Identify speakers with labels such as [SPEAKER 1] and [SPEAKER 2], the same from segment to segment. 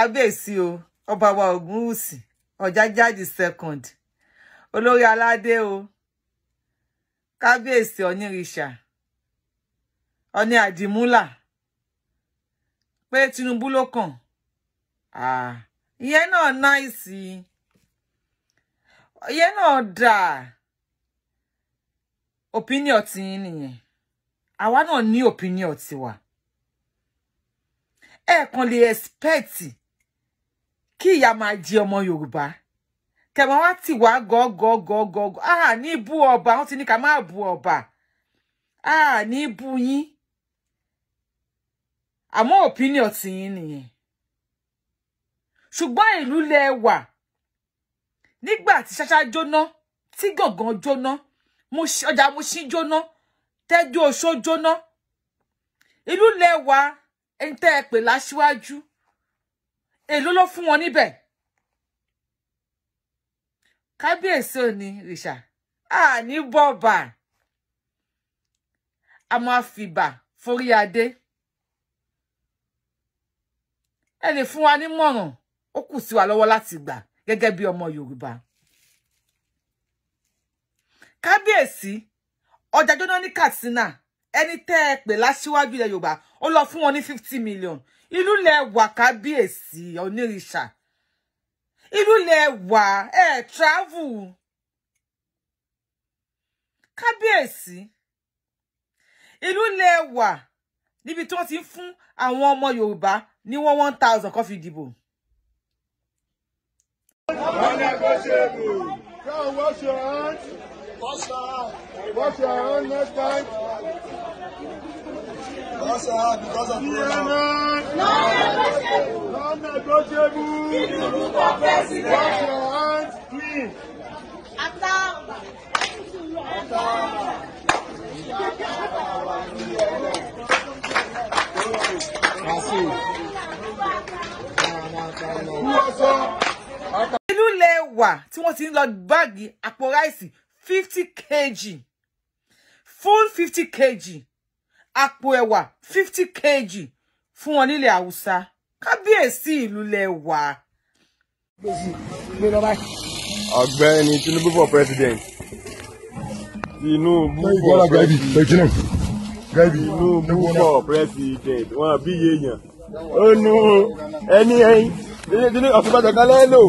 [SPEAKER 1] kábíyèsí o ọba wa ògúnwùsì ọ̀jájá the second olórí aládé o kábíyèsí onírìṣà ọní àdìmúlà pé tinubu ló kàn ìyẹn náà náìsì ìyẹn náà dáa opinion ti yín nìyẹn àwa náà ní opinion tiwa ẹ kàn lè expect kí ìyá máa jẹ ọmọ yorùbá kẹmọ wá tì wá gọgọgọgọgọ a ní bú ọba wọn ti ní ká má bú ọba a ní bú yín àmọ́ opinion tiyín nìyẹn ṣùgbọ́n ìlú lẹ wà nígbà tí ṣáṣá jóná tí gàngàn jóná ọjà Mushin jóná tẹ́jú oṣó jóná ìlú lẹ wà ẹni tẹ́ ẹ pè láṣíwájú èló ló fún wọn níbẹ̀ kábíyèsí ò ní rìṣà àní bọ́ọ̀bà a máa fìbà forí adé ẹ lè fún wa nímọ̀ràn ó kù sí wa lọ́wọ́ láti gbà gẹ́gẹ́ bí ọmọ Yorùbá kábíyèsí ọjà jóná ní Katsina ẹni tẹ́ ẹ pè láṣíwájú ilẹ̀ Yorùbá ó lọ fún wọn ní fifty million ìlú lẹ wà kábíyèsí onírìṣà ìlú lẹ wà ẹ travel kábíyèsí ìlú lẹ wà níbi tí wọ́n ti ń fún àwọn ọmọ Yorùbá ní wọ́n one thousand kan fi dìbò. Unnegotiable. Come wash your hands. Wash your hands. Wash your hands next time. Because, uh, because of Corona. Non-negotiable. Non-negotiable. If you look for president. Wash your hands clean. Atta. Atta. ìlú lè wà tí wọ́n ti ń lọ báàgì àpò ráìsì fifty kg full fifty kg àpò ẹ̀wà fifty kg fún wọn nílẹ̀ haúsá kábíyèsí ìlú lẹ́wà. ọ̀gbẹ́ni Tinubu for president Tinubu for president Tinubu for president wọn bí yéèyàn ó nu ẹni kíni kíni ọ̀túnbàtà kan lẹ́lò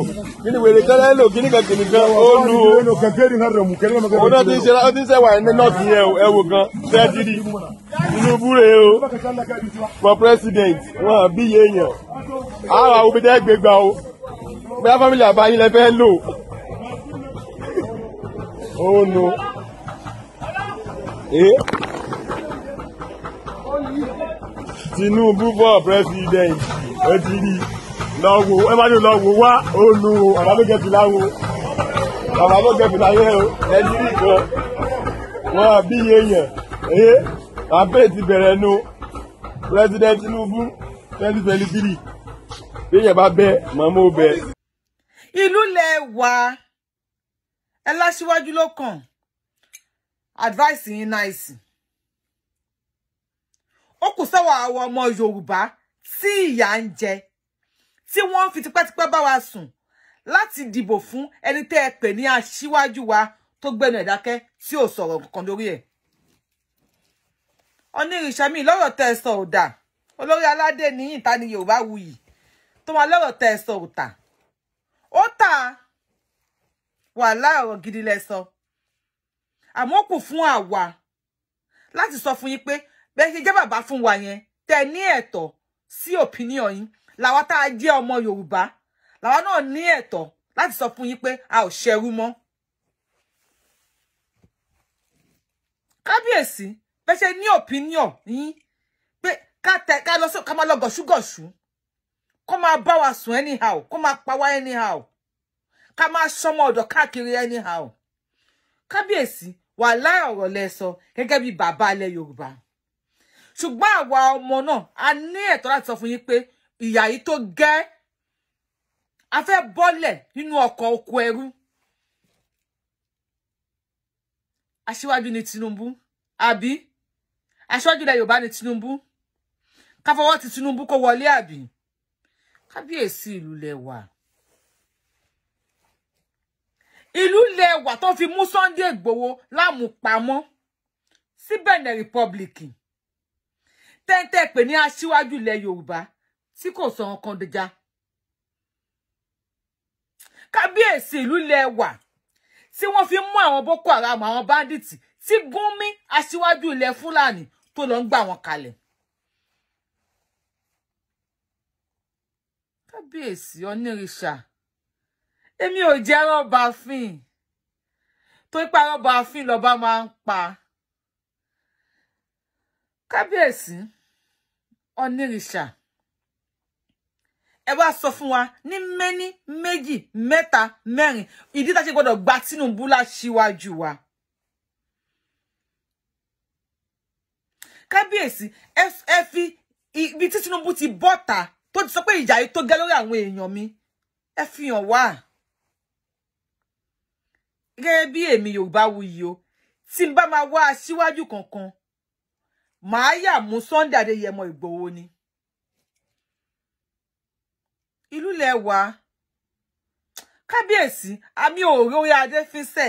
[SPEAKER 1] kíni wèrè kan lẹ́lò kíni kan kíni kan ó nu o òun náà ti ń ṣe ó ti ń ṣe wà ní nọ́ọ̀tì yẹn o ẹ wò gan sẹ́ẹ̀tìrì Tinubu rè o for president wọn à bí yéèyàn àwọn àwọn obìnrin ẹgbẹ́ gbà o bẹ́ẹ̀ fámìlì àbáyé lẹ fẹ́ lò ó nu Tinubu for president ẹ ti rí i lọ́wọ́ ẹ má ní lọ́wọ́ wá olú bàbá ló jẹ́ fìlà wo bàbá o ẹni rí wọn bí èèyàn ẹ bàbá ti bẹ̀rẹ̀ nu president Tinubu twenty twenty three bí bá bẹ màmú bẹ. ìlú lẹ wá ẹ láṣíwájú ló kàn advice yín náìsì ó kù sáwọn àwọn ọmọ Yorùbá tí ìyà ń jẹ tí wọ́n fi tipẹ́tipẹ́ bá wa sùn láti dìbò fún ẹni tẹ́ ẹ pè ní aṣíwájú wa tó gbẹnu ẹ̀ dákẹ́ tí ò sọ̀rọ̀ kankan lórí ẹ̀. onírìṣà mi lọ́rọ̀ tẹ́ ẹ sọ òdà olórí aládé ní ìta ni yorùbá wuyì tó máa lọ́rọ̀ tẹ́ ẹ sọ òtà ó tà wàhálà ọ̀rọ̀ gidi lẹ sọ àmọ́ kù fún àwa láti sọ fún yín pé bẹ́ẹ̀ ṣe jẹ́ bàbá fún wa yẹn tẹ́ ní ẹ̀tọ́ sí opinion yín làwa tá a jẹ́ ọmọ Yorùbá làwa náà ní ẹ̀tọ́ láti sọ fún yín pé a ò ṣẹrú mọ́. kábíyèsí bẹ́ẹ̀ ní opinion yín pé ká tẹ ká lọ sí ká máa lọ gọ̀ṣúgọ̀ṣú kó máa bá wa sùn anyhow kó máa pa wá anyhow ká máa ṣọmọ ọ̀dọ̀ káàkiri anyhow kábíyèsí wàhálà ọ̀rọ̀ lẹ sọ gẹ́gẹ́ bí bàbá alẹ́ Yorùbá ṣùgbọ́n àwa ọmọ náà a ní ẹ̀tọ́ láti sọ fún yín pé ìyà yìí tó gẹ́ a fẹ́ bọ́lẹ̀ nínú ọkọ̀ oko ẹrú aṣíwájú ni Tinubu àbí aṣíwájú ilẹ̀ Yorùbá ni Tinubu ká fọwọ́ ti Tinubu kó wọlé àbí kábíyèsí ìlú lẹwà ìlú lẹwà tó fi mú Sunday Igboho lámùpamọ́ sí Benin Republic tẹ́ńtẹ́ pè ní aṣíwájú ilẹ̀ Yorùbá tí kò sọ nǹkan dìjà kábíyèsí ìlú ilẹ̀ wà tí wọ́n fi mú àwọn boko haram àwọn bandits tí gúnmí aṣíwájú ilẹ̀ fúlàní tó lọ ń gbà wọn kalẹ̀. kábíyèsí onírìṣà èmi ò jẹ́ rọ́bà fín tó ń pa rọ́bà fín lọ́ba máa ń pa kábíyèsí onírìṣà ẹ wá sọ fún wa ní mẹ́ní méjì mẹ́ta mẹ́rin ìdí tá a ṣe gbọ́dọ̀ gba Tinubu láṣíwájú wa. kábíyèsí ẹ fi ibi tí Tinubu ti bọ́ta tó ti sọ pé ìjà yìí tó gẹ́ lórí àwọn èèyàn mi ẹ fi hàn wá. gẹ́gẹ́ bí èmi Yorùbá wuyì o tí n bá máa wá aṣíwájú kankan màá yà mú Sunday Adéyẹmọ Ìgbòho ni ìlú lẹ wà ami àmì òòrè orí adé fi sẹ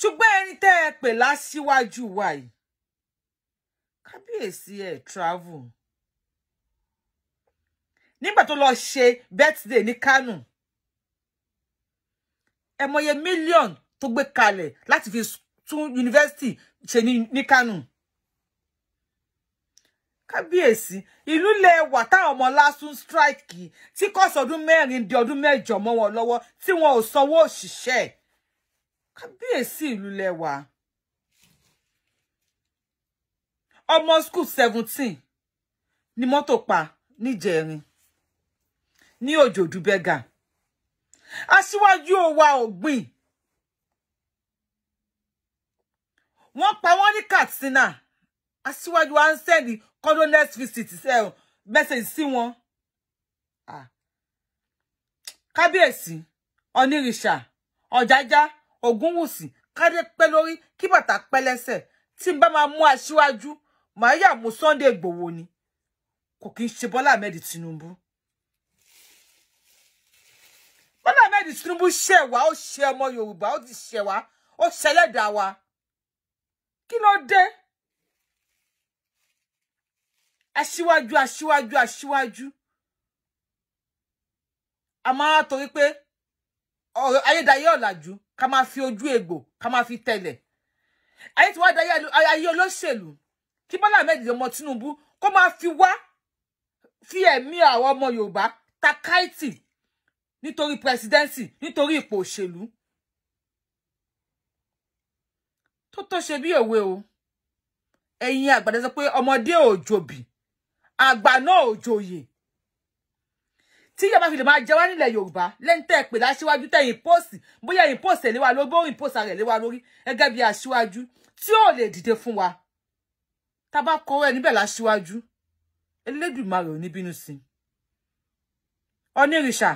[SPEAKER 1] ṣùgbọ́n ẹni tẹ́ ẹ pè láṣíwájú wa yìí kábíyèsí ẹ travel nígbà tó lọ ṣe birthday ní Kánò ẹ mọye mílíọ̀nù tó gbé kalẹ̀ láti fi tún university ṣe ni kanu kábíyèsí ìlú lè wà táwọn ọmọ lásùn strike tí kọ́sọ̀ ọdún mẹ́rin di ọdún mẹ́jọ mọ́ wọn lọ́wọ́ tí wọn ò sanwó òṣìṣẹ́ kábíyèsí ìlú lè wà ọmọ school seventeen ni mọ́tò pa níjẹrin ní òjòdú bẹ́gà aṣíwájú wa ògbìn wọ́n pa wọ́n ní Katsina aṣíwájú wa kọ́dọ̀ next visit ṣe message sí wọn. kábíyèsí onírìṣà ọ̀jájá ògúnwùsì kádé pẹ́ lórí kí bàtà pẹ́ lẹ́sẹ̀ tí n bá máa mú aṣíwájú màá yà mú Sunday Ìgbòho ni kò kí n ṣe Bọ́lá Ahmed Tinubu. Bọ́lá Ahmed Tinubu ṣẹ̀ wá o ṣe ọmọ Yorùbá o ti ṣẹ̀ wá ó ṣẹlẹ́dàá wa kí ló dé aṣíwájú aṣíwájú aṣíwájú a máa torí pé ọ̀rọ̀ ayédáyé ọ̀làjú ká máa fi ojú egbò ká máa fi tẹ̀lẹ̀ ayé tí wàá dayé ayé olóṣèlú kí Bọ́lá Ahmed ọmọ Tinubu kó máa fi wá fi ẹ̀mí àwọn ọmọ Yorùbá takaiti Nitori presidency Nitori ipò òṣèlú tó tó ṣe bí òwe o ẹ̀yin àgbàdo sọ pé ọmọdé àgbà náà ò joyè tí ìjọba fi lè máa jẹ wá nílẹ̀ yorùbá lẹ́ńtẹ́ pè láṣíwájú tẹ̀ ìpòsì bóyá ìpòsì ẹ̀léwà lórí bóyá ìpòsì rẹ̀ léwà lórí gẹ́gẹ́ bí aṣíwájú tí ò lè dìde fún wa tá a bá kọwọ́ ẹ̀ níbẹ̀ láṣíwájú elédùnmarè ò ní bínú sí i onírìṣà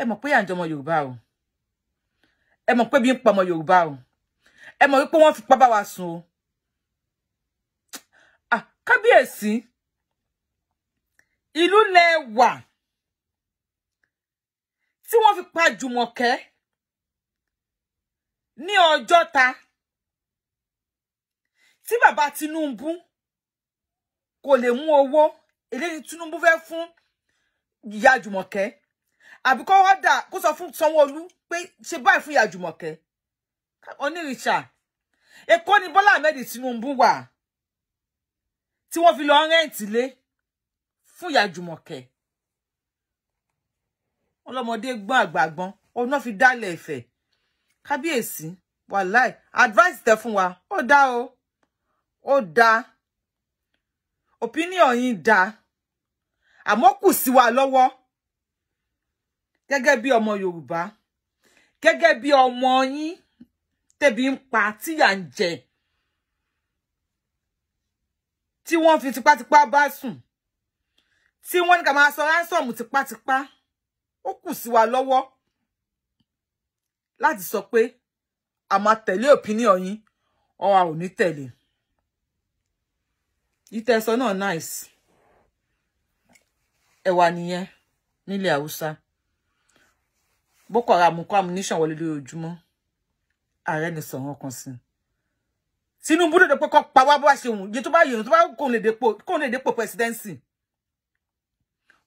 [SPEAKER 1] ẹ mọ̀ pé àǹjọ ọmọ yorùbá o ẹ mọ̀ pé bí ń pa ọmọ yorùbá o ẹ mọ̀ wípé fi pa bá wa sùn o kábíyèsí ìlú lẹ wà tí wọ́n fi pa Jùmọ̀kẹ́ ní Ọjọ́ta tí bàbá Tinubu kò lè mú owó eléyìí Tinubu fẹ́ fún ìyá Jùmọ̀kẹ́ àbí kó wádà kó sọ fún Sanwó-Olú pé ṣe báyìí fún ìyá Jùmọ̀kẹ́ onírìṣà Èkó ni Bọ́lá Ahmed Tinubu wà tí wọ́n fi lọ rẹ́ǹtì lé fún ìyá Jùmọ̀kẹ́ ọlọ́mọdé gbọ́n àgbà gbọ́n òun náà fi dálẹ̀ Ifẹ̀ kábíyèsí wàláì advice tẹ fún wa o da o ó dá opinion yín dá àmọ́ kù sí wa lọ́wọ́ gẹ́gẹ́ bí ọmọ Yorùbá gẹ́gẹ́ bí ọmọ yín te ń pa tíyà ń jẹ tí wọ́n fi tipátipá bá sùn tí wọ́n ní ká máa sọ ransom tipátipá ó kù sí wa lọ́wọ́ láti sọ pé a máa tẹ̀lé opinion yín or a ò ní tẹ̀lé ìtẹ̀sọ náà nice ẹ̀wà nìyẹn nílẹ̀ haúsá boko haram kó ammunition wọlé lójoojúmọ́ ààrẹ ní sọ̀rọ̀ kan sí Tinubu dèdè pé kó pa wá bó ṣe wù yìí tó bá yìí tó le kó lè dépò kó lè dépò presidency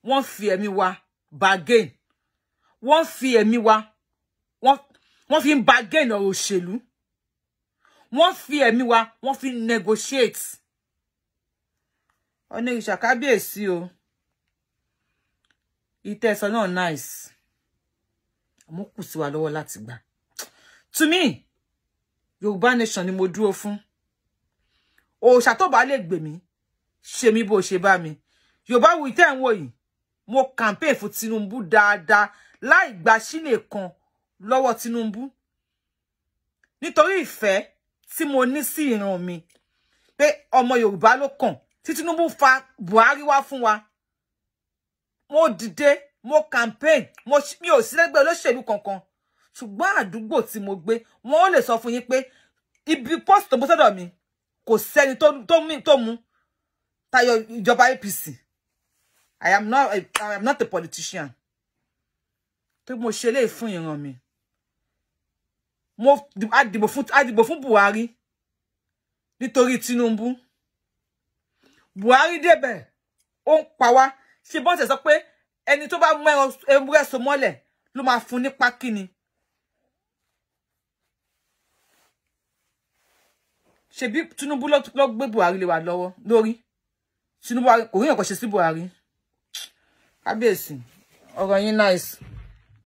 [SPEAKER 1] wọ́n fi ẹ̀mí wa bargain wọ́n fi ẹ̀mí wa wọ́n fi bargain ọ̀rọ̀ òṣèlú wọ́n fi ẹ̀mí wa wọ́n fi negotiate ọ̀nà ìṣàkábíyèsí o ìtẹ̀sán náà nice àmọ́ kù sí wa lọ́wọ́ láti gbà to me yorùbá nation ni mo dúró fún òòṣà tó bá lè gbè mí ṣe mí bó ṣe bá mi yorùbá wù tẹ́ ń wò mo campaign fún tinubu dáadáa láì gba sílè kan lọ́wọ́ tinubu nítorí ìfẹ́ tí mo ní sí ìran mi pé ọmọ yorùbá ló kàn tí tinubu fa buhari wa fún wa mo dìde mo campaign mo mi o si lẹ́gbẹ́ olóṣèlú kankan ṣùgbọ́n àdúgbò tí mo gbé wọn ò lè sọ fún yín pé ibi post tó bó sọ́dọ̀ mi kò sẹ́ni tó mú tayọ ìjọba APC I am not I, am not a politician tó mo ṣe léè fún ìran mi mo adìbò fún adìbò fún Buhari nítorí Tinubu Buhari débẹ̀ ó ń pa wá ṣe bọ́ọ̀sẹ̀ sọ pé ẹni tó bá mú ẹran ewúrẹ́ so mọ́lẹ̀ ló máa fún ní pákí ni se ṣebí Tinubu ló gbé Buhari lé wa lọ́wọ́ lórí Tinubu kò rí nǹkan ṣe sí Buhari kábíyèsí ọ̀rọ̀ yín nice.